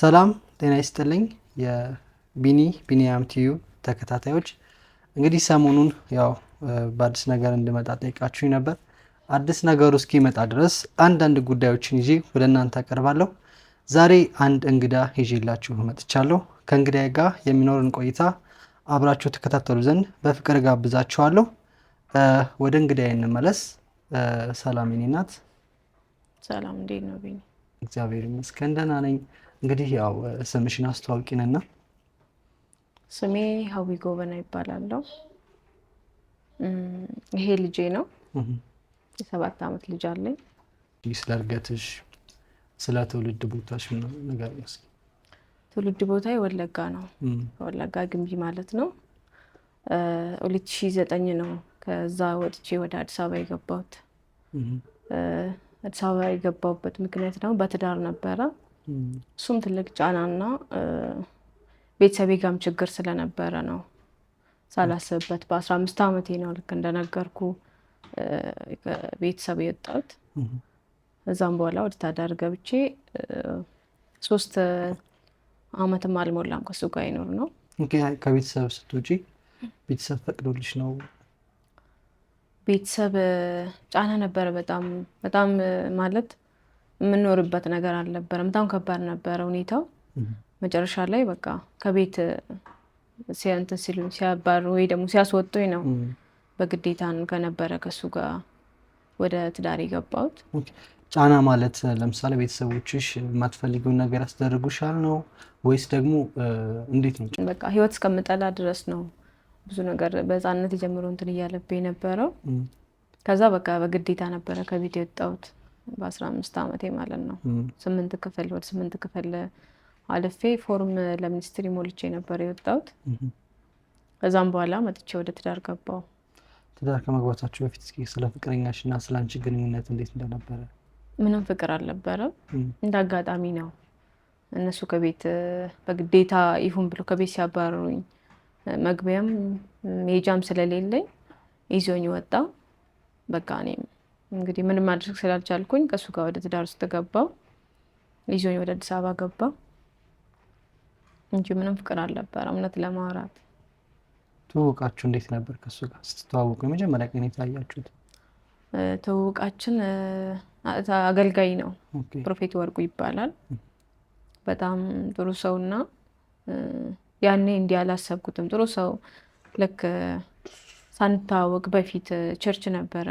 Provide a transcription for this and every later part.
ሰላም ጤና ይስጥልኝ የቢኒ ቢኒያም ቲዩ ተከታታዮች፣ እንግዲህ ሰሞኑን ያው በአዲስ ነገር እንድመጣ ጠይቃችሁኝ ነበር። አዲስ ነገሩ እስኪመጣ ድረስ አንዳንድ ጉዳዮችን ይዤ ወደ እናንተ አቀርባለሁ። ዛሬ አንድ እንግዳ ይዤላችሁ መጥቻለሁ። ከእንግዳ ጋር የሚኖርን ቆይታ አብራችሁ ተከታተሉ ዘንድ በፍቅር ጋብዛችኋለሁ። ወደ እንግዳ እንመለስ። ሰላም የኔ ናት። ሰላም እንዴት ነው ቢኒ? እግዚአብሔር ይመስገን ደህና ነኝ። እንግዲህ ያው ስምሽን አስተዋውቂንና። ስሜ ሀዊ ጎበና ይባላለው። ይሄ ልጄ ነው። የሰባት አመት ልጅ አለኝ። ስለ እርገትሽ፣ ስለ ትውልድ ቦታሽ ነገር መስል ትውልድ ቦታ ወለጋ ነው። ወለጋ ግንቢ ማለት ነው። ሁለት ሺህ ዘጠኝ ነው ከዛ ወጥቼ ወደ አዲስ አበባ የገባሁት። አዲስ አበባ የገባሁበት ምክንያት ደግሞ በትዳር ነበረ እሱም ትልቅ ጫናና ቤተሰቤ ጋም ችግር ስለነበረ ነው ሳላስብበት በአስራ አምስት ዓመቴ ነው ልክ እንደነገርኩ ቤተሰብ የወጣሁት። እዛም በኋላ ወደ ታዳር ገብቼ ሶስት አመትም አልሞላም ከሱ ጋር ይኖር ነው። ከቤተሰብ ስትውጪ ቤተሰብ ፈቅዶልሽ ነው? ቤተሰብ ጫና ነበረ በጣም በጣም ማለት የምንኖርበት ነገር አልነበረም። በጣም ከባድ ነበረ ሁኔታው። መጨረሻ ላይ በቃ ከቤት እንትን ሲሉ ሲያባር ወይ ደግሞ ሲያስወጡኝ ነው በግዴታን ከነበረ ከሱ ጋር ወደ ትዳር የገባሁት። ጫና ማለት ለምሳሌ ቤተሰቦችሽ የማትፈልገውን ነገር ያስደርጉሻል ነው ወይስ ደግሞ እንዴት ነው? በቃ ህይወት እስከምጠላ ድረስ ነው ብዙ ነገር በህፃነት የጀምሮ እንትን እያለብኝ ነበረው። ከዛ በቃ በግዴታ ነበረ ከቤት የወጣሁት። በአስራ አምስት ዓመቴ ማለት ነው። ስምንት ክፍል ወደ ስምንት ክፍል አልፌ ፎርም ለሚኒስትሪ ሞልቼ ነበር የወጣሁት። ከዛም በኋላ መጥቼ ወደ ትዳር ገባው። ትዳር ከመግባታችሁ በፊት እስኪ ስለ ፍቅረኛሽ እና ስለ አንቺ ግንኙነት እንዴት እንደነበረ? ምንም ፍቅር አልነበረም። እንደ አጋጣሚ ነው። እነሱ ከቤት በግዴታ ይሁን ብሎ ከቤት ሲያባረሩኝ መግቢያም ሜጃም ስለሌለኝ ይዞኝ ወጣ። በቃ እኔም እንግዲህ ምንም ማድረግ ስላልቻልኩኝ ከእሱ ጋር ወደ ትዳር ውስጥ ገባው። ይዞኝ ወደ አዲስ አበባ ገባ እንጂ ምንም ፍቅር አልነበረ። እውነት ለማውራት ትውውቃችሁ እንዴት ነበር? ከእሱ ጋር ስትተዋወቁ የመጀመሪያ ቀን የታያችሁት? ትውውቃችን አገልጋይ ነው፣ ፕሮፌት ወርቁ ይባላል። በጣም ጥሩ ሰው እና ያኔ እንዲህ አላሰብኩትም። ጥሩ ሰው ልክ ሳንታወቅ በፊት ቸርች ነበረ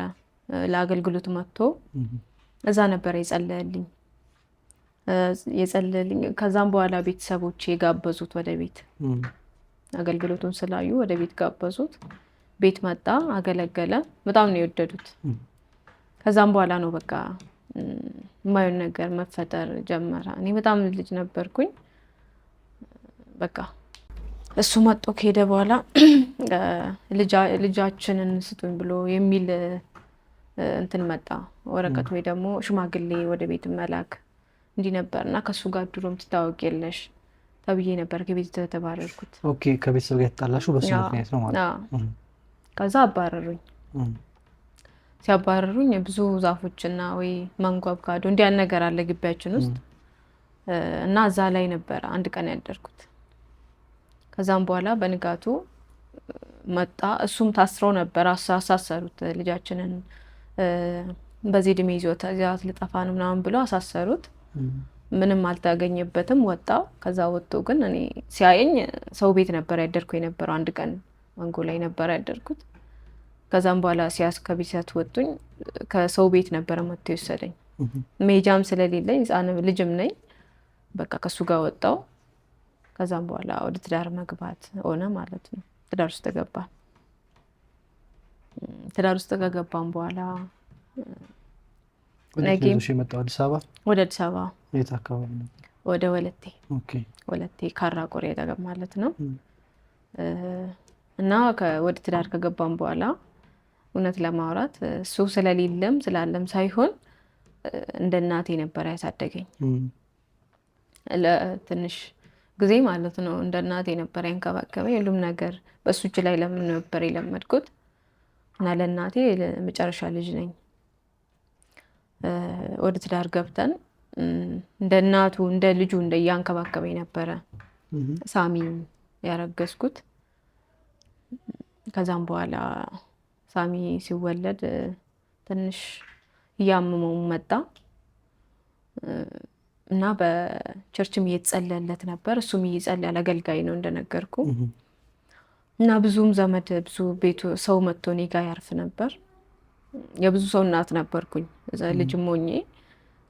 ለአገልግሎት መጥቶ እዛ ነበረ የጸለየልኝ የጸለየልኝ። ከዛም በኋላ ቤተሰቦች የጋበዙት ወደ ቤት አገልግሎቱን ስላዩ ወደ ቤት ጋበዙት። ቤት መጣ፣ አገለገለ። በጣም ነው የወደዱት። ከዛም በኋላ ነው በቃ የማዩን ነገር መፈጠር ጀመረ። እኔ በጣም ልጅ ነበርኩኝ። በቃ እሱ መጦ ከሄደ በኋላ ልጃችንን ስጡኝ ብሎ የሚል እንትን መጣ ወረቀት ወይ ደግሞ ሽማግሌ ወደ ቤት መላክ እንዲህ ነበር እና ከእሱ ጋር ድሮም ትታወቅ የለሽ ተብዬ ነበር ከቤት ተባረርኩት። ከቤተሰብ ጋር የተጣላሽው በሱ ምክንያት ነው ማለት ነው። ከዛ አባረሩኝ። ሲያባረሩኝ ብዙ ዛፎች ወይ ማንጎ፣ አቮካዶ እንዲህ ያለ ነገር አለ ግቢያችን ውስጥ እና እዛ ላይ ነበረ አንድ ቀን ያደርኩት። ከዛም በኋላ በንጋቱ መጣ። እሱም ታስረው ነበር፣ አሳሰሩት ልጃችንን በዚህ እድሜ ይዞት እዚያት ልጠፋ ነው ምናምን ብሎ አሳሰሩት። ምንም አልታገኘበትም። ወጣ። ከዛ ወጥቶ ግን እኔ ሲያየኝ ሰው ቤት ነበር ያደርኩ የነበረው። አንድ ቀን መንጎ ላይ ነበር ያደርኩት። ከዛም በኋላ ሲያስ ከቤት ወጡኝ፣ ከሰው ቤት ነበረ መጥቶ የወሰደኝ። ሜጃም ስለሌለኝ ህፃን ልጅም ነኝ። በቃ ከሱ ጋር ወጣው። ከዛም በኋላ ወደ ትዳር መግባት ሆነ ማለት ነው። ትዳር ውስጥ ገባል። ትዳር ውስጥ ከገባም በኋላ የመጣው አዲስ አበባ ወደ አዲስ አበባ የት አካባቢ ነው? ወደ ወለቴ ወለቴ ካራ ቆሬ አጠገብ ማለት ነው። እና ወደ ትዳር ከገባም በኋላ እውነት ለማውራት እሱ ስለሌለም ስላለም ሳይሆን እንደ እናቴ ነበር ያሳደገኝ። ለትንሽ ጊዜ ማለት ነው እንደ እናቴ ነበር ያንከባከበኝ። ሁሉም ነገር በእሱ እጅ ላይ ለምን ነበር የለመድኩት እና ለእናቴ መጨረሻ ልጅ ነኝ። ወደ ትዳር ገብተን እንደ እናቱ እንደ ልጁ እንደ እያንከባከበኝ ነበረ ሳሚ ያረገዝኩት። ከዛም በኋላ ሳሚ ሲወለድ ትንሽ እያመመው መጣ እና በቸርችም እየተጸለለት ነበር። እሱም እየጸለለ አገልጋይ ነው እንደነገርኩ እና ብዙም ዘመድ ብዙ ቤቱ ሰው መጥቶ እኔ ጋ ያርፍ ነበር። የብዙ ሰው እናት ነበርኩኝ እዛ ልጅም ሆኜ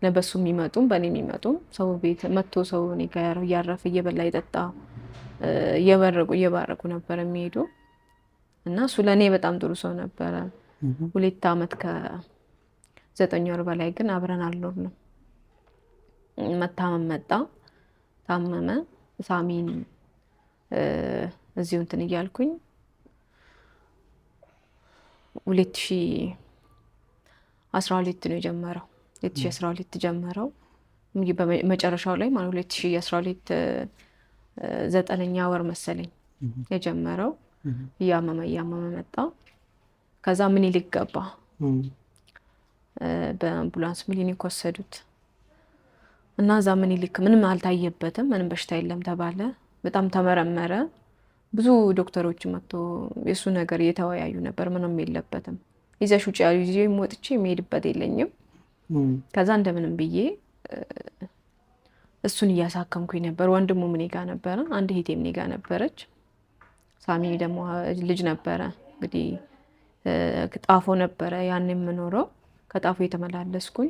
ለበሱ የሚመጡም በእኔ የሚመጡም ሰው ቤት መጥቶ ሰው እኔ ጋ እያረፈ እየበላ የጠጣ እየበረቁ እየባረቁ ነበር የሚሄዱ እና እሱ ለእኔ በጣም ጥሩ ሰው ነበረ። ሁለት ዓመት ከዘጠኝ ወር በላይ ግን አብረን አልኖርንም። መታመም መጣ ታመመ ሳሚን እዚሁ እንትን እያልኩኝ ሁለት ሺ አስራ ሁለት ነው የጀመረው። ሁለት ሺ አስራ ሁለት ጀመረው እንግዲህ በመጨረሻው ላይ ማለት ሁለት ሺ አስራ ሁለት ዘጠነኛ ወር መሰለኝ የጀመረው። እያመመ እያመመ መጣ። ከዛ ምን ገባ። በአምቡላንስ ምኒልክ ወሰዱት እና እዛ ምን ይልክ ምንም አልታየበትም፣ ምንም በሽታ የለም ተባለ። በጣም ተመረመረ። ብዙ ዶክተሮች መጥቶ የእሱ ነገር እየተወያዩ ነበር። ምንም የለበትም ይዘሽ ውጭ ያሉ ጊዜ ወጥቼ የሚሄድበት የለኝም። ከዛ እንደምንም ብዬ እሱን እያሳከምኩኝ ነበር። ወንድሙ እኔ ጋ ነበረ፣ አንድ ሄቴ እኔ ጋ ነበረች። ሳሚ ደግሞ ልጅ ነበረ እንግዲህ ጣፎ ነበረ ያን የምኖረው ከጣፎ የተመላለስኩኝ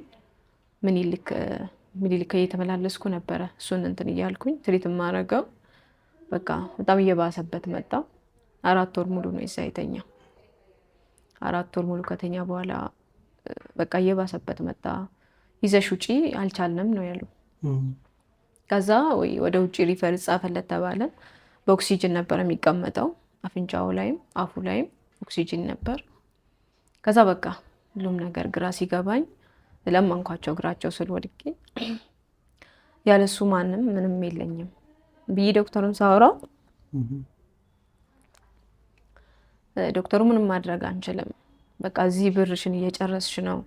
ምኒልክ እየተመላለስኩ ነበረ እሱን እንትን እያልኩኝ ትሪት የማደርገው በቃ በጣም እየባሰበት መጣ። አራት ወር ሙሉ ነው ዛ የተኛ። አራት ወር ሙሉ ከተኛ በኋላ በቃ እየባሰበት መጣ። ይዘሽ ውጪ አልቻልንም ነው ያሉ። ከዛ ወይ ወደ ውጭ ሪፈር ጻፈለት ተባለ። በኦክሲጅን ነበር የሚቀመጠው አፍንጫው ላይም አፉ ላይም ኦክሲጅን ነበር። ከዛ በቃ ሁሉም ነገር ግራ ሲገባኝ ለመንኳቸው እግራቸው ስል ወድቄ ያለሱ ማንም ምንም የለኝም ብዬ ዶክተሩን ሳውራው ዶክተሩ ምንም ማድረግ አንችልም፣ በቃ እዚህ ብርሽን እየጨረስሽ ነው፣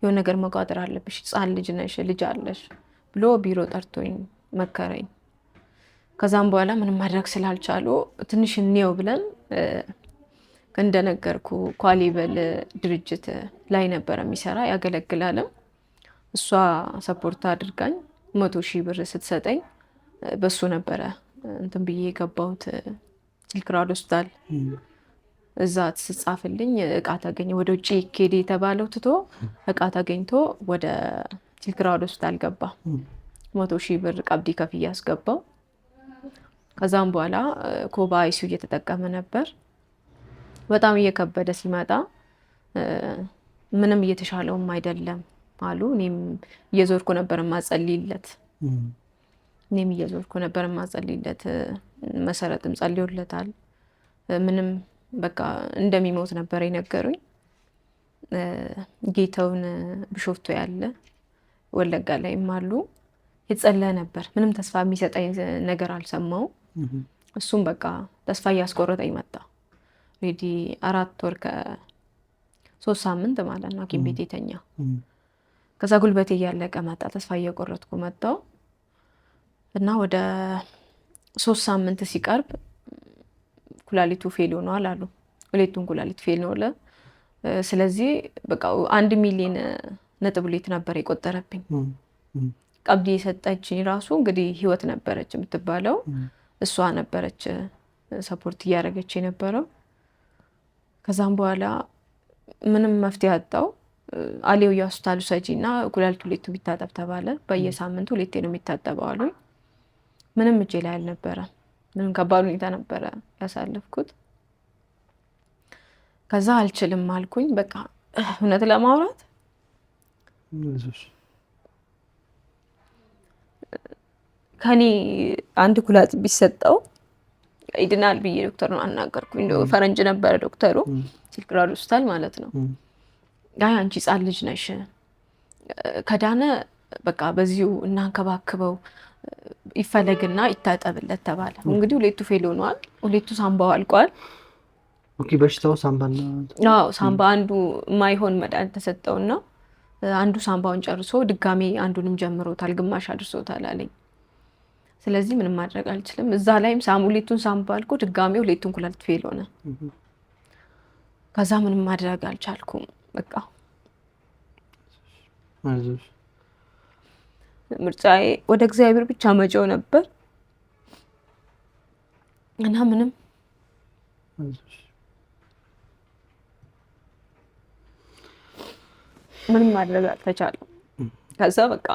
የሆነ ነገር መቋጠር አለብሽ፣ ህፃን ልጅ ነሽ፣ ልጅ አለሽ ብሎ ቢሮ ጠርቶኝ መከረኝ። ከዛም በኋላ ምንም ማድረግ ስላልቻሉ ትንሽ እንየው ብለን እንደነገርኩ ኳሊበል ድርጅት ላይ ነበረ የሚሰራ ያገለግላለም። እሷ ሰፖርት አድርጋኝ መቶ ሺህ ብር ስትሰጠኝ በሱ ነበረ እንትን ብዬ የገባሁት ቲልክራድ ሆስፒታል። እዛ ስጻፍልኝ እቃ ተገኘ ወደ ውጭ ኬድ የተባለው ትቶ እቃ ተገኝቶ ወደ ቲልክራድ ሆስፒታል ገባ። መቶ ሺህ ብር ቀብዲ ከፍዬ አስገባው። ከዛም በኋላ ኮባ አይሲዩ እየተጠቀመ ነበር። በጣም እየከበደ ሲመጣ ምንም እየተሻለውም አይደለም አሉ። እኔም እየዞርኩ ነበር ማጸልይለት እኔም እየዞርኩ ነበር ማጸልይለት። መሰረትም ጸልዮለታል። ምንም በቃ እንደሚሞት ነበር የነገሩኝ። ጌተውን ብሾፍቶ ያለ ወለጋ ላይም አሉ የጸለ ነበር። ምንም ተስፋ የሚሰጠኝ ነገር አልሰማው። እሱም በቃ ተስፋ እያስቆረጠኝ መጣ። ሬዲ አራት ወር ከሶስት ሳምንት ማለት ነው ሐኪም ቤት የተኛ። ከዛ ጉልበቴ እያለቀ መጣ። ተስፋ እየቆረጥኩ መጣው እና ወደ ሶስት ሳምንት ሲቀርብ ኩላሊቱ ፌል ሆነዋል አሉ። ሁለቱን ኩላሊት ፌል ነው። ስለዚህ በቃ አንድ ሚሊዮን ነጥብ ሌት ነበር የቆጠረብኝ። ቀብድ የሰጠችኝ ራሱ እንግዲህ ህይወት ነበረች የምትባለው እሷ ነበረች ሰፖርት እያደረገች የነበረው። ከዛም በኋላ ምንም መፍትሄ ያጣው አሌው ሆስፒታል ሰጂ እና ኩላሊቱ ሁሌቱ የሚታጠብ ተባለ። በየሳምንቱ ሁሌቴ ነው የሚታጠበው አሉኝ። ምንም እጄ ላይ አልነበረም። ምንም ከባድ ሁኔታ ነበረ ያሳለፍኩት። ከዛ አልችልም አልኩኝ። በቃ እውነት ለማውራት ከኔ አንድ ኩላጽ ቢሰጠው ይድናል ብዬ ዶክተር ነው አናገርኩኝ። ፈረንጅ ነበረ ዶክተሩ፣ ሲልክራድ ሆስፒታል ማለት ነው። ጋይ አንቺ ሕፃን ልጅ ነሽ፣ ከዳነ በቃ በዚሁ እናንከባክበው ይፈለግና ይታጠብለት ተባለ። እንግዲህ ሁለቱ ፌል ሆኗል። ሁለቱ ሳምባው አልቋል። በሽታው ሳምባና ሳምባ አንዱ ማይሆን መድኃኒት ተሰጠውና አንዱ ሳምባውን ጨርሶ ድጋሜ አንዱንም ጀምሮታል፣ ግማሽ አድርሶታል አለኝ። ስለዚህ ምንም ማድረግ አልችልም። እዛ ላይም ሁለቱን ሳምባ አልቆ ድጋሜ ሁሌቱን ኩላሊት ፌል ሆነ። ከዛ ምንም ማድረግ አልቻልኩም በቃ ምርጫዬ ወደ እግዚአብሔር ብቻ መጪው ነበር እና ምንም ምንም ማድረግ አልተቻለም። ከዛ በቃ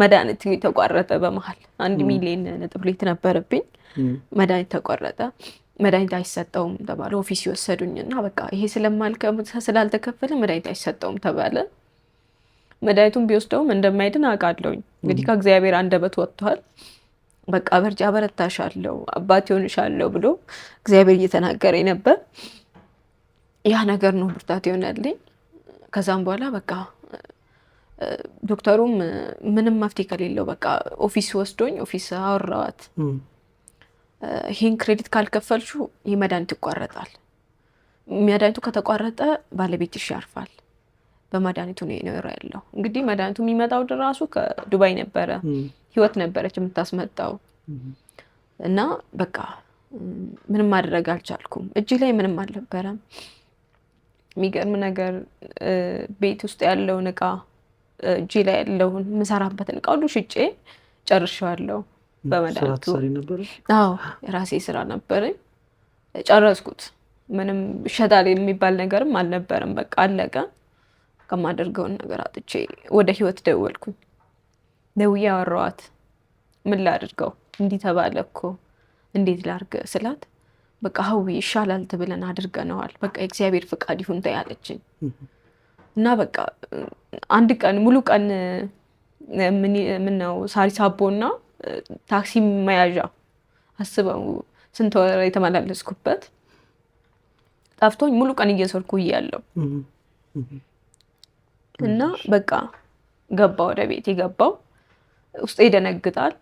መድኃኒት ተቋረጠ። በመሀል አንድ ሚሊዮን ነጥብሌት ነበረብኝ። መድኃኒት ተቋረጠ። መድኃኒት አይሰጠውም ተባለ። ኦፊስ ይወሰዱኝ እና በቃ ይሄ ስለማልከ ስላልተከፈለ መድኃኒት አይሰጠውም ተባለ። መድኃኒቱን ቢወስደውም እንደማይድን አውቃለሁኝ። እንግዲህ ከእግዚአብሔር አንደበት ወጥቷል። በቃ በርጃ አለው አባት ይሆንሻለሁ ብሎ እግዚአብሔር እየተናገረኝ ነበር። ያ ነገር ነው ብርታት ይሆናልኝ። ከዛም በኋላ በቃ ዶክተሩም ምንም መፍትሄ ከሌለው በቃ ኦፊስ ወስዶኝ ኦፊስ አወራዋት። ይህን ክሬዲት ካልከፈልሹ ይህ መድኃኒት ይቋረጣል። መድኃኒቱ ከተቋረጠ ባለቤትሽ ያርፋል በመድኃኒቱ ነው የኖረ ያለው። እንግዲህ መድኃኒቱ የሚመጣው ራሱ ከዱባይ ነበረ። ህይወት ነበረች የምታስመጣው እና በቃ ምንም ማድረግ አልቻልኩም። እጅ ላይ ምንም አልነበረም። የሚገርም ነገር ቤት ውስጥ ያለውን እቃ እጅ ላይ ያለውን የምሰራበትን እቃ ሁሉ ሽጬ ጨርሸዋለው። በመድኃኒቱ የራሴ ስራ ነበረኝ። ጨረስኩት። ምንም ሸጣል የሚባል ነገርም አልነበረም። በቃ አለቀ። ከማደርገውን ነገር አጥቼ ወደ ህይወት ደወልኩኝ። ደውዬ አወራኋት። ምን ላድርገው እንዲህ ተባለ እኮ እንዴት ላርግ ስላት በቃ ሀዊ ይሻላል ትብለን አድርገነዋል። በቃ የእግዚአብሔር ፍቃድ ይሁን ተያለችኝ እና በቃ አንድ ቀን ሙሉ ቀን ነው ሳሪስ አቦና ታክሲ መያዣ አስበው ስንት ወር የተመላለስኩበት ጠፍቶኝ ሙሉ ቀን እየሰርኩ እያለሁ እና በቃ ገባ ወደ ቤት የገባው ውስጥ ይደነግጣል።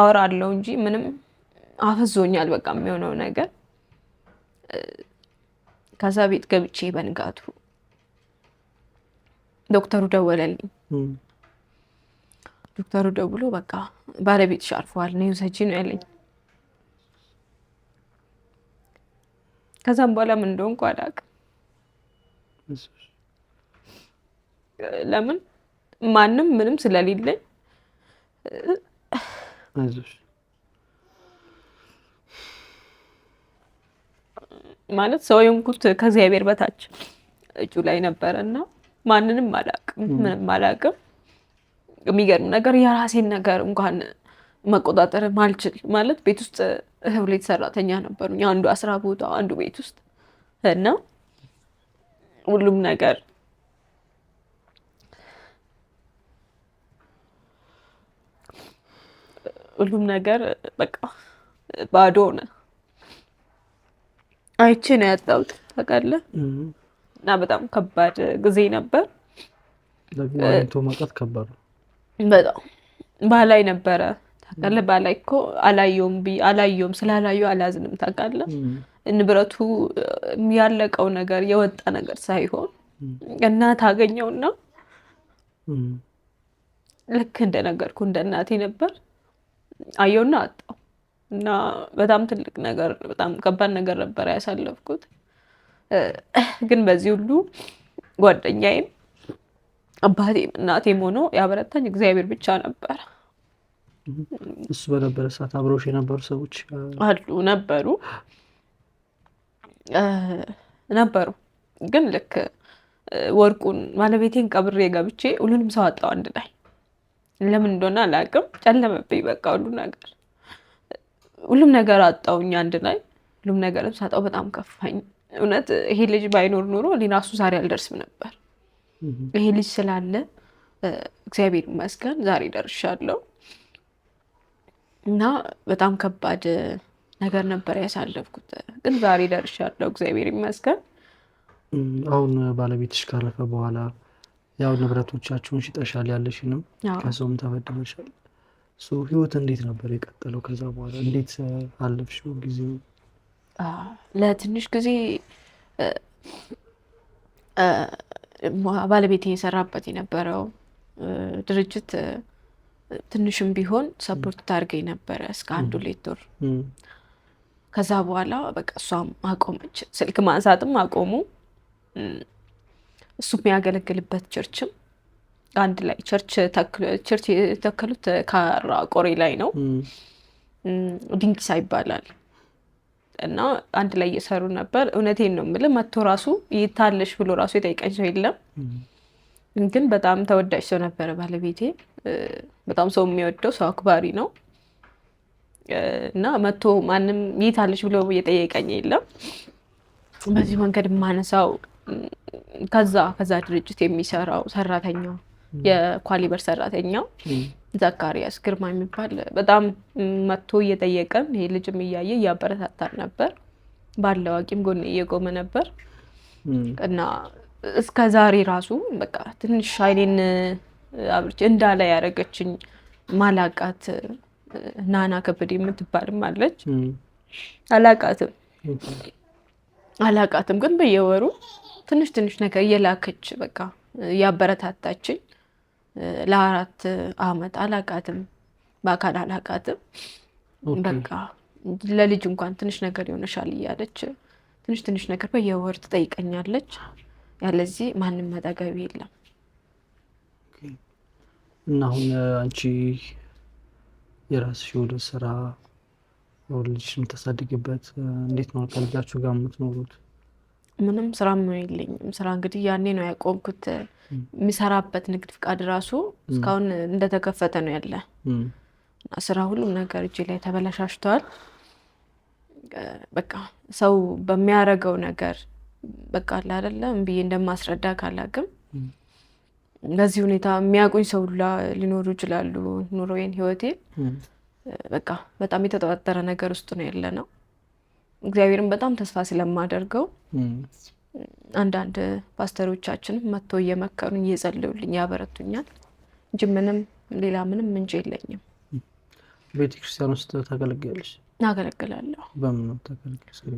አለው እንጂ ምንም አፈዞኛል። በቃ የሚሆነው ነገር ከዛ ቤት ገብቼ በንጋቱ ዶክተሩ ደወለልኝ። ዶክተሩ ደውሎ በቃ ባለቤትሽ አርፈዋል ነው ውሰጂ ነው ያለኝ። ከዛም በኋላ ምን እንደሆንኩ አላውቅም። ለምን ማንም ምንም ስለሌለኝ ማለት ሰው የሆንኩት ከእግዚአብሔር በታች እጁ ላይ ነበረ እና ማንንም አላቅም፣ ምንም አላቅም። የሚገርም ነገር የራሴን ነገር እንኳን መቆጣጠር ማልችል ማለት ቤት ውስጥ ህብሌት ሰራተኛ ነበሩኝ። አንዱ አስራ ቦታ፣ አንዱ ቤት ውስጥ እና ሁሉም ነገር ሁሉም ነገር በቃ ባዶ ሆነ። አይቼ ነው ያጣሁት ታውቃለህ። እና በጣም ከባድ ጊዜ ነበር። ደግሞ ማጣት ከባድ ነው በጣም ባላይ ነበረ ታውቃለህ። ባላይ እኮ አላየውም አላየውም ስላላየው አላዝንም ታውቃለህ። ንብረቱ ያለቀው ነገር የወጣ ነገር ሳይሆን እናት አገኘውና ልክ እንደነገርኩ እንደ እናቴ ነበር አየውና አጣው እና በጣም ትልቅ ነገር በጣም ከባድ ነገር ነበረ ያሳለፍኩት። ግን በዚህ ሁሉ ጓደኛዬም አባቴም እናቴም ሆኖ ያበረታኝ እግዚአብሔር ብቻ ነበር። እሱ በነበረ ሰዓት አብረውሽ የነበሩ ሰዎች አሉ ነበሩ ነበሩ ግን ልክ ወርቁን ባለቤቴን ቀብሬ ገብቼ ሁሉንም ሰው አጣው አንድ ላይ ለምን እንደሆነ አላውቅም። ጨለመብኝ። በቃ ሁሉ ነገር ሁሉም ነገር አጣውኝ። አንድ ላይ ሁሉም ነገር ሳጣው በጣም ከፋኝ። እውነት ይሄ ልጅ ባይኖር ኖሮ እኔ ራሱ ዛሬ አልደርስም ነበር። ይሄ ልጅ ስላለ እግዚአብሔር ይመስገን ዛሬ ደርሻለሁ። እና በጣም ከባድ ነገር ነበር ያሳለፍኩት፣ ግን ዛሬ ደርሻለሁ። እግዚአብሔር ይመስገን። አሁን ባለቤትሽ ካረፈ በኋላ ያው ንብረቶቻችሁን ሽጠሻል፣ ያለሽንም ከሰውም ተበድበሻል። ህይወት እንዴት ነበር የቀጠለው? ከዛ በኋላ እንዴት አለፍሽው ጊዜው? ለትንሽ ጊዜ ባለቤቴ የሰራበት የነበረው ድርጅት ትንሽም ቢሆን ሰፖርት ታርገኝ ነበረ እስከ አንዱ ሌቶር። ከዛ በኋላ በቃ እሷም አቆመች፣ ስልክ ማንሳትም አቆሙ። እሱ የሚያገለግልበት ቸርችም አንድ ላይ ቸርች የተከሉት ካራ ቆሬ ላይ ነው። ድንኪሳ ይባላል እና አንድ ላይ እየሰሩ ነበር። እውነቴን ነው የምልህ መቶ ራሱ ይታለሽ ብሎ ራሱ የጠይቀኝ ሰው የለም። ግን በጣም ተወዳጅ ሰው ነበረ ባለቤቴ። በጣም ሰው የሚወደው ሰው አክባሪ ነው እና መቶ ማንም ይታለሽ ብሎ እየጠየቀኝ የለም። በዚህ መንገድ የማነሳው ከዛ ከዛ ድርጅት የሚሰራው ሰራተኛው የኳሊበር ሰራተኛው ዘካሪያስ ግርማ የሚባል በጣም መጥቶ እየጠየቀን ይሄ ልጅም እያየ እያበረታታን ነበር። ባለ አዋቂም ጎን እየቆመ ነበር እና እስከ ዛሬ ራሱ በቃ ትንሽ አይኔን አብርች እንዳላ ያደረገችኝ ማላቃት ናና ከብድ የምትባልም አለች። አላቃትም አላቃትም ግን በየወሩ ትንሽ ትንሽ ነገር እየላከች በቃ ያበረታታችኝ። ለአራት አመት አላቃትም፣ በአካል አላቃትም። በቃ ለልጅ እንኳን ትንሽ ነገር ይሆነሻል እያለች ትንሽ ትንሽ ነገር በየወር ትጠይቀኛለች። ያለዚህ ማንም መጠገቢ የለም። እና አሁን አንቺ የራስሽ ወደ ስራ ልጅሽ የምታሳድግበት እንዴት ነው? ከልጃችሁ ጋር የምትኖሩት ምንም ስራ የለኝም። ስራ እንግዲህ ያኔ ነው ያቆምኩት። የሚሰራበት ንግድ ፍቃድ ራሱ እስካሁን እንደተከፈተ ነው ያለ ስራ ሁሉም ነገር እጅ ላይ ተበላሻሽተዋል። በቃ ሰው በሚያረገው ነገር በቃ አለ አይደለም ብዬ እንደማስረዳ ካላቅም በዚህ ሁኔታ የሚያቁኝ ሰው ሁላ ሊኖሩ ይችላሉ። ኑሮዬን፣ ህይወቴን በቃ በጣም የተጠጠረ ነገር ውስጥ ነው ያለ ነው እግዚአብሔርን በጣም ተስፋ ስለማደርገው አንዳንድ ፓስተሮቻችንም መጥቶ እየመከሩኝ እየጸለዩልኝ ያበረቱኛል እንጂ ምንም ሌላ ምንም ምንጭ የለኝም። ቤተክርስቲያን ውስጥ ታገለግያለሽ? አገለግላለሁ።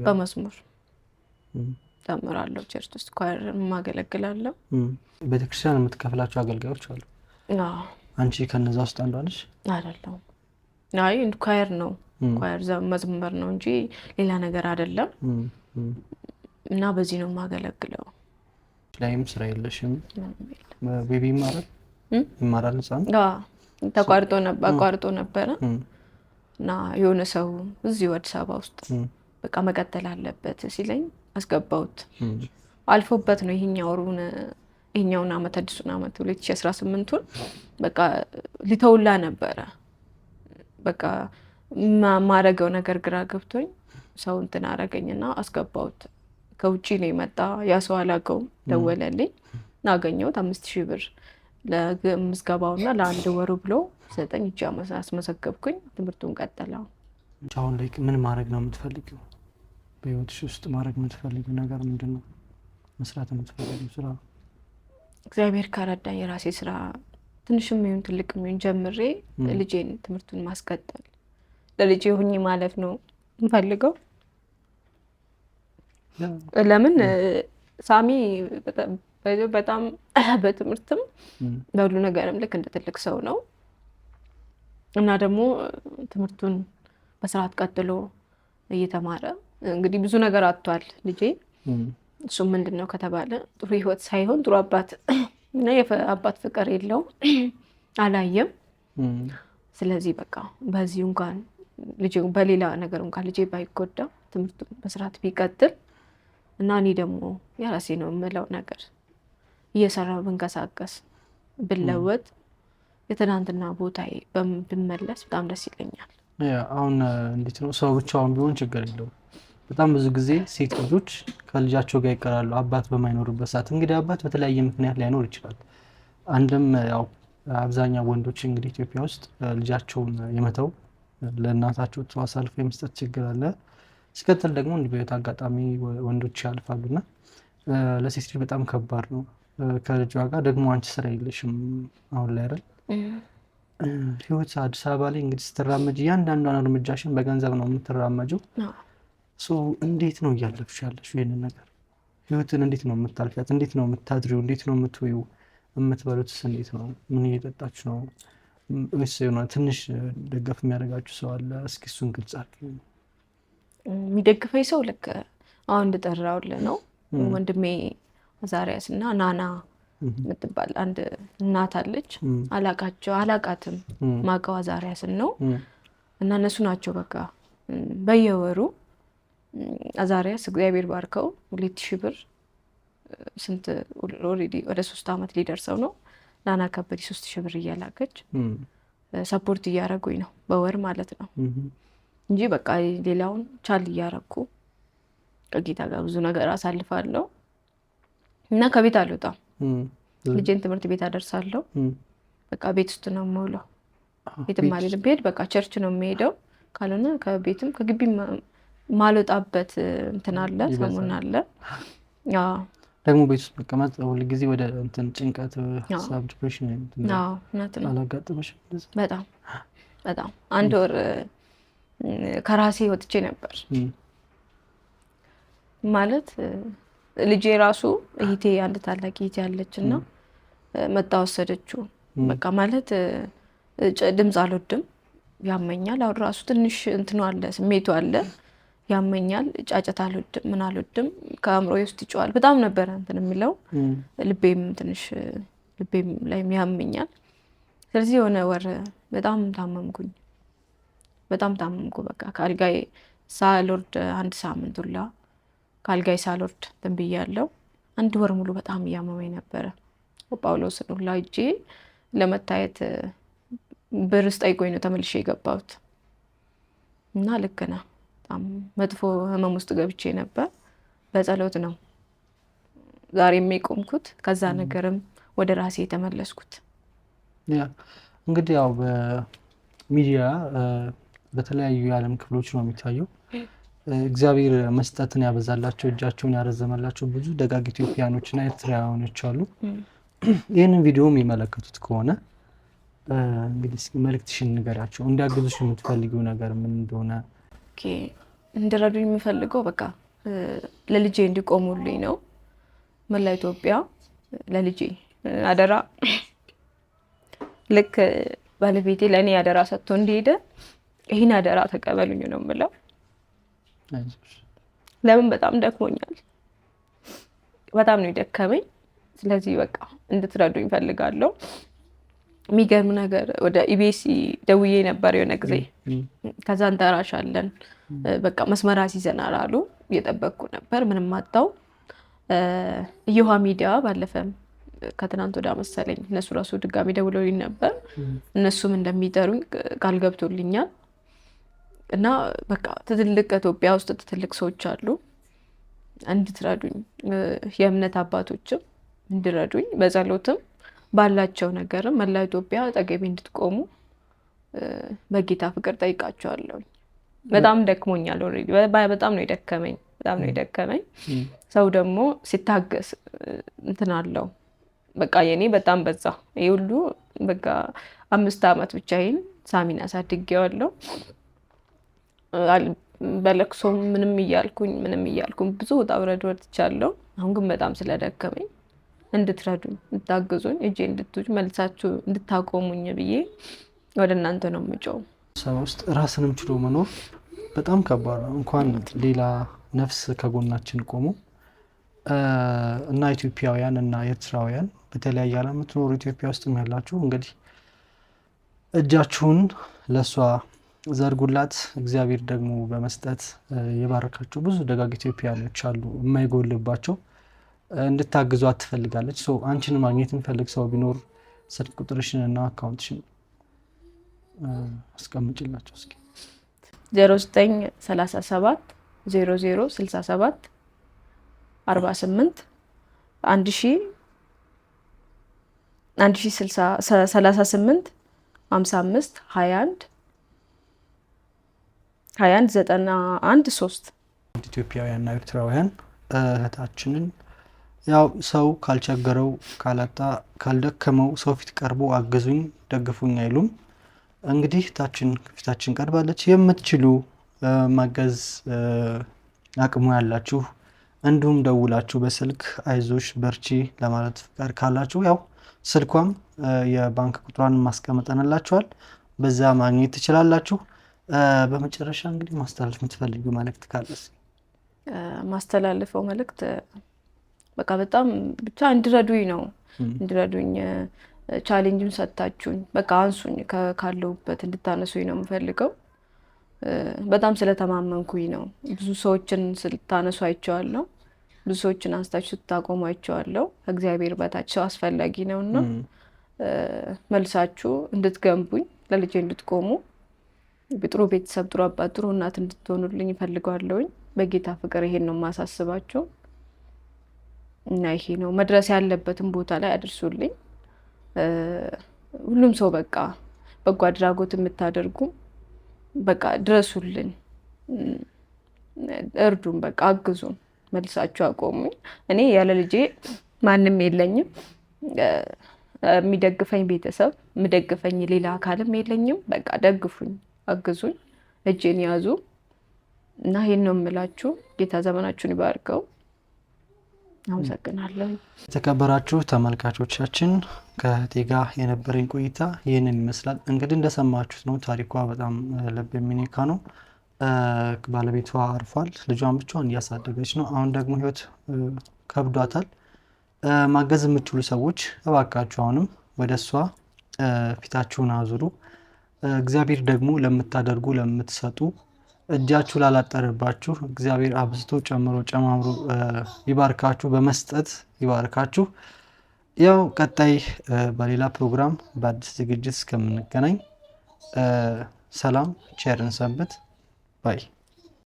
በመዝሙር ተምራለሁ። ቸርች ውስጥ ኳየር አገለግላለሁ። ቤተክርስቲያን የምትከፍላቸው አገልጋዮች አሉ። አንቺ ከነዛ ውስጥ አንዷ ነሽ? አይደለሁም። አይ ኳየር ነው ኳየር መዝሙር ነው እንጂ ሌላ ነገር አይደለም። እና በዚህ ነው የማገለግለው። ላይም ስራ የለሽም? ቤቢ ይማራል ይማራል ህፃን ተቋርጦ አቋርጦ ነበረ እና የሆነ ሰው እዚሁ አዲስ አበባ ውስጥ በቃ መቀጠል አለበት ሲለኝ አስገባሁት። አልፎበት ነው ይሄኛውን ይሄኛውን አመት አዲሱን አመት 2018ቱን በቃ ሊተውላ ነበረ በቃ ማረገው ነገር ግራ ገብቶኝ ሰው እንትን አረገኝና አስገባሁት። ከውጭ ነው የመጣ ያ ሰው አላውቀውም። ደወለልኝ እና አገኘሁት። አምስት ሺህ ብር ለምዝገባውና ለአንድ ወሩ ብሎ ዘጠኝ እጅ አስመዘገብኩኝ። ትምህርቱን ቀጠለው። አሁን ላይ ምን ማድረግ ነው የምትፈልጊው? በህይወትሽ ውስጥ ማድረግ የምትፈልጊው ነገር ምንድን ነው? መስራት የምትፈልጊው ስራ? እግዚአብሔር ከረዳኝ የራሴ ስራ ትንሽም ይሁን ትልቅም ይሁን ጀምሬ ልጄን ትምህርቱን ማስቀጠል ለልጅ ሁኚ ማለት ነው እንፈልገው። ለምን ሳሚ በጣም በትምህርትም በሁሉ ነገርም ልክ እንደ ትልቅ ሰው ነው እና ደግሞ ትምህርቱን በስርዓት ቀጥሎ እየተማረ እንግዲህ ብዙ ነገር አጥቷል ልጄ። እሱም ምንድን ነው ከተባለ ጥሩ ህይወት ሳይሆን ጥሩ አባት እና የአባት ፍቅር የለውም አላየም። ስለዚህ በቃ በዚሁ እንኳን ልጄ በሌላ ነገር እንኳን ልጄ ባይጎዳ ትምህርቱ በስርዓት ቢቀጥል እና እኔ ደግሞ የራሴ ነው የምለው ነገር እየሰራ ብንቀሳቀስ ብለወጥ የትናንትና ቦታዬ ብመለስ በጣም ደስ ይለኛል። አሁን እንዴት ነው ሰው ብቻውን ቢሆን ችግር የለውም። በጣም ብዙ ጊዜ ሴት ልጆች ከልጃቸው ጋር ይቀራሉ አባት በማይኖርበት ሰዓት። እንግዲህ አባት በተለያየ ምክንያት ላይኖር ይችላል። አንድም ያው አብዛኛው ወንዶች እንግዲህ ኢትዮጵያ ውስጥ ልጃቸውን የመተው ለእናታቸው ተዋስ አሳልፎ የመስጠት ችግር አለ። ሲከተል ደግሞ እንዲህ በህይወት አጋጣሚ ወንዶች ያልፋሉና ለሴት ልጅ በጣም ከባድ ነው። ከልጇ ጋር ደግሞ አንቺ ስራ የለሽም አሁን ላይ አይደል? ህይወት አዲስ አበባ ላይ እንግዲህ ስትራመጅ እያንዳንዷን እርምጃሽን በገንዘብ ነው የምትራመጀው። እንዴት ነው እያለፍሽ ያለሽ ይህንን ነገር? ህይወትን እንዴት ነው የምታልፊያት? እንዴት ነው የምታድሪው? እንዴት ነው የምትውዩ? የምትበሉትስ እንዴት ነው? ምን እየጠጣች ነው? ወይስ የሆነ ትንሽ ደገፍ የሚያደርጋችሁ ሰው አለ? እስኪ እሱን ግልጽ አድርጊ። የሚደግፈኝ ሰው ልክ አሁን እንደጠራሁልህ ነው ወንድሜ አዛሪያስ እና ናና የምትባል አንድ እናት አለች። አላቃቸው አላቃትም ማቀው አዛሪያስን ነው እና እነሱ ናቸው በቃ በየወሩ አዛሪያስ እግዚአብሔር ባርከው ሁለት ሺህ ብር ስንት ኦልሬዲ ወደ ሶስት አመት ሊደርሰው ነው ናና ከበደ ሶስት ሺህ ብር እያላገች ሰፖርት እያረጉኝ ነው በወር ማለት ነው እንጂ በቃ ሌላውን ቻል እያረኩ ከጌታ ጋር ብዙ ነገር አሳልፋለሁ እና ከቤት አልወጣም። ልጄን ትምህርት ቤት አደርሳለሁ። በቃ ቤት ውስጥ ነው የምውለው። ቤትም አልሄድም። ብሄድ በቃ ቸርች ነው የሚሄደው። ካልሆነ ከቤትም ከግቢ ማልወጣበት እንትን አለ ሰሞን አለ ደግሞ ቤት ውስጥ መቀመጥ ሁል ጊዜ ወደ እንትን ጭንቀት፣ ሀሳብ፣ ዲፕሬሽን አላጋጠመሽም? በጣም በጣም አንድ ወር ከራሴ ወጥቼ ነበር ማለት ልጄ ራሱ እህቴ አንድ ታላቅ እህቴ አለች እና መጣ ወሰደችው። በቃ ማለት ድምፅ አልወድም፣ ያመኛል። አሁን ራሱ ትንሽ እንትኑ አለ ስሜቱ አለ ያመኛል፣ ጫጨት አልወድም፣ ምን አልወድም። ከአእምሮ ውስጥ ይጮዋል። በጣም ነበረ እንትን የሚለው ልቤም ትንሽ ልቤም ላይ ያመኛል። ስለዚህ የሆነ ወር በጣም ታመምኩኝ፣ በጣም ታመምኩ። በቃ ከአልጋይ ሳልወርድ አንድ ሳምንት ሁላ ከአልጋይ ሳልወርድ እንትን ብያለሁ። አንድ ወር ሙሉ በጣም እያመመኝ ነበረ። ጳውሎስን ሁላ እጄ ለመታየት ብር ስጠይቆኝ ነው ተመልሼ የገባሁት እና ልክ ነህ በጣም መጥፎ ህመም ውስጥ ገብቼ ነበር። በጸሎት ነው ዛሬም የቆምኩት፣ ከዛ ነገርም ወደ ራሴ የተመለስኩት። እንግዲህ ያው በሚዲያ በተለያዩ የዓለም ክፍሎች ነው የሚታየው። እግዚአብሔር መስጠትን ያበዛላቸው እጃቸውን ያረዘመላቸው ብዙ ደጋግ ኢትዮጵያኖችና ኤርትራውያኖች አሉ። ይህንን ቪዲዮ የሚመለከቱት ከሆነ እንግዲህ መልእክትሽን ንገራቸው፣ እንዲያግዙሽ የምትፈልጊው ነገር ምን እንደሆነ ኦኬ እንድረዱኝ የምፈልገው በቃ ለልጄ እንዲቆሙልኝ ነው። መላ ኢትዮጵያ ለልጄ አደራ ልክ ባለቤቴ ለእኔ አደራ ሰጥቶ እንደሄደ ይህን አደራ ተቀበሉኝ ነው የምለው። ለምን በጣም ደክሞኛል፣ በጣም ነው የደከመኝ። ስለዚህ በቃ እንድትረዱኝ እፈልጋለሁ። የሚገርም ነገር ወደ ኢቢኤስ ደውዬ ነበር የሆነ ጊዜ። ከዛ እንጠራሻለን በቃ መስመራ ሲዘናል አሉ። እየጠበቅኩ ነበር፣ ምንም አጣው። እየውሃ ሚዲያ ባለፈም ከትናንት ወዳ መሰለኝ እነሱ ራሱ ድጋሚ ደውለውኝ ነበር። እነሱም እንደሚጠሩኝ ቃል ገብቶልኛል እና በቃ ትልቅ ኢትዮጵያ ውስጥ ትልቅ ሰዎች አሉ እንድትረዱኝ፣ የእምነት አባቶችም እንድረዱኝ በጸሎትም ባላቸው ነገርም መላ ኢትዮጵያ አጠገቤ እንድትቆሙ በጌታ ፍቅር ጠይቃቸዋለሁ። በጣም ደክሞኛል። ኦልሬዲ በጣም ነው የደከመኝ፣ በጣም ነው የደከመኝ። ሰው ደግሞ ሲታገስ እንትን አለው። በቃ የኔ በጣም በዛ። ይህ ሁሉ በቃ አምስት ዓመት ብቻዬን ሳሚን አሳድጌዋለሁ። በለቅሶም ምንም እያልኩኝ ምንም እያልኩኝ ብዙ ውጣ ውረድ ወጥቻለሁ። አሁን ግን በጣም ስለደከመኝ እንድትረዱኝ፣ እንድታግዙኝ፣ እጄ እንድትጅ መልሳችሁ እንድታቆሙኝ ብዬ ወደ እናንተ ነው የምጮው። ውስጥ ራስንም ችሎ መኖር በጣም ከባድ ነው። እንኳን ሌላ ነፍስ ከጎናችን ቆሙ እና ኢትዮጵያውያን እና ኤርትራውያን በተለያየ ዓለም የምትኖሩ ኢትዮጵያ ውስጥም ያላችሁ እንግዲህ እጃችሁን ለእሷ ዘርጉላት። እግዚአብሔር ደግሞ በመስጠት የባረካቸው ብዙ ደጋግ ኢትዮጵያኖች አሉ የማይጎልባቸው እንድታግዟት ትፈልጋለች። አንቺን ማግኘት የሚፈልግ ሰው ቢኖር ስልክ ቁጥርሽን እና አካውንትሽን አስቀምጭላቸው እስኪ 0937 00 67 48 1038 55 21 21 91 3 ኢትዮጵያውያንና ኤርትራውያን እህታችንን ያው ሰው ካልቸገረው ካላጣ ካልደከመው ሰው ፊት ቀርቦ አግዙኝ ደግፉኝ አይሉም። እንግዲህ ታችን ፊታችን ቀርባለች። የምትችሉ ማገዝ አቅሙ ያላችሁ እንዲሁም ደውላችሁ በስልክ አይዞሽ በርቺ ለማለት ፍቃድ ካላችሁ ያው ስልኳም የባንክ ቁጥሯን ማስቀመጠንላችኋል በዛ ማግኘት ትችላላችሁ። በመጨረሻ እንግዲህ ማስተላለፍ የምትፈልጊው መልእክት ካለስ? ማስተላለፈው መልእክት በቃ በጣም ብቻ እንድረዱኝ ነው እንድረዱኝ ቻሌንጅም ሰጥታችሁኝ በቃ አንሱኝ ካለሁበት እንድታነሱኝ ነው የምፈልገው። በጣም ስለተማመንኩኝ ነው። ብዙ ሰዎችን ስታነሱ አይቼዋለሁ። ብዙ ሰዎችን አንስታችሁ ስታቆሙ አይቼዋለሁ። ከእግዚአብሔር በታች ሰው አስፈላጊ ነው እና መልሳችሁ እንድትገንቡኝ፣ ለልጅ እንድትቆሙ፣ ጥሩ ቤተሰብ፣ ጥሩ አባት፣ ጥሩ እናት እንድትሆኑልኝ እፈልጋለሁኝ። በጌታ ፍቅር ይሄን ነው የማሳስባቸው። እና ይሄ ነው መድረስ ያለበትን ቦታ ላይ አድርሱልኝ ሁሉም ሰው በቃ በጎ አድራጎት የምታደርጉ በቃ ድረሱልን፣ እርዱን በቃ አግዙን መልሳችሁ አቆሙኝ። እኔ ያለ ልጄ ማንም የለኝም የሚደግፈኝ ቤተሰብ የምደግፈኝ ሌላ አካልም የለኝም። በቃ ደግፉኝ፣ አግዙኝ፣ እጄን ያዙ እና ይህን ነው የምላችሁ። ጌታ ዘመናችሁን ይባርከው። አመሰግናለሁ። የተከበራችሁ ተመልካቾቻችን ከእቴ ጋር የነበረኝ ቆይታ ይህንን ይመስላል። እንግዲህ እንደሰማችሁት ነው። ታሪኳ በጣም ልብ የሚነካ ነው። ባለቤቷ አርፏል። ልጇን ብቻዋን እያሳደገች ነው። አሁን ደግሞ ህይወት ከብዷታል። ማገዝ የምትችሉ ሰዎች እባካችሁ አሁንም ወደ እሷ ፊታችሁን አዙሩ። እግዚአብሔር ደግሞ ለምታደርጉ ለምትሰጡ እጃችሁ ላላጠረባችሁ እግዚአብሔር አብዝቶ ጨምሮ ጨማምሮ ይባርካችሁ፣ በመስጠት ይባርካችሁ። ያው ቀጣይ በሌላ ፕሮግራም በአዲስ ዝግጅት እስከምንገናኝ ሰላም፣ ቸርን ባይ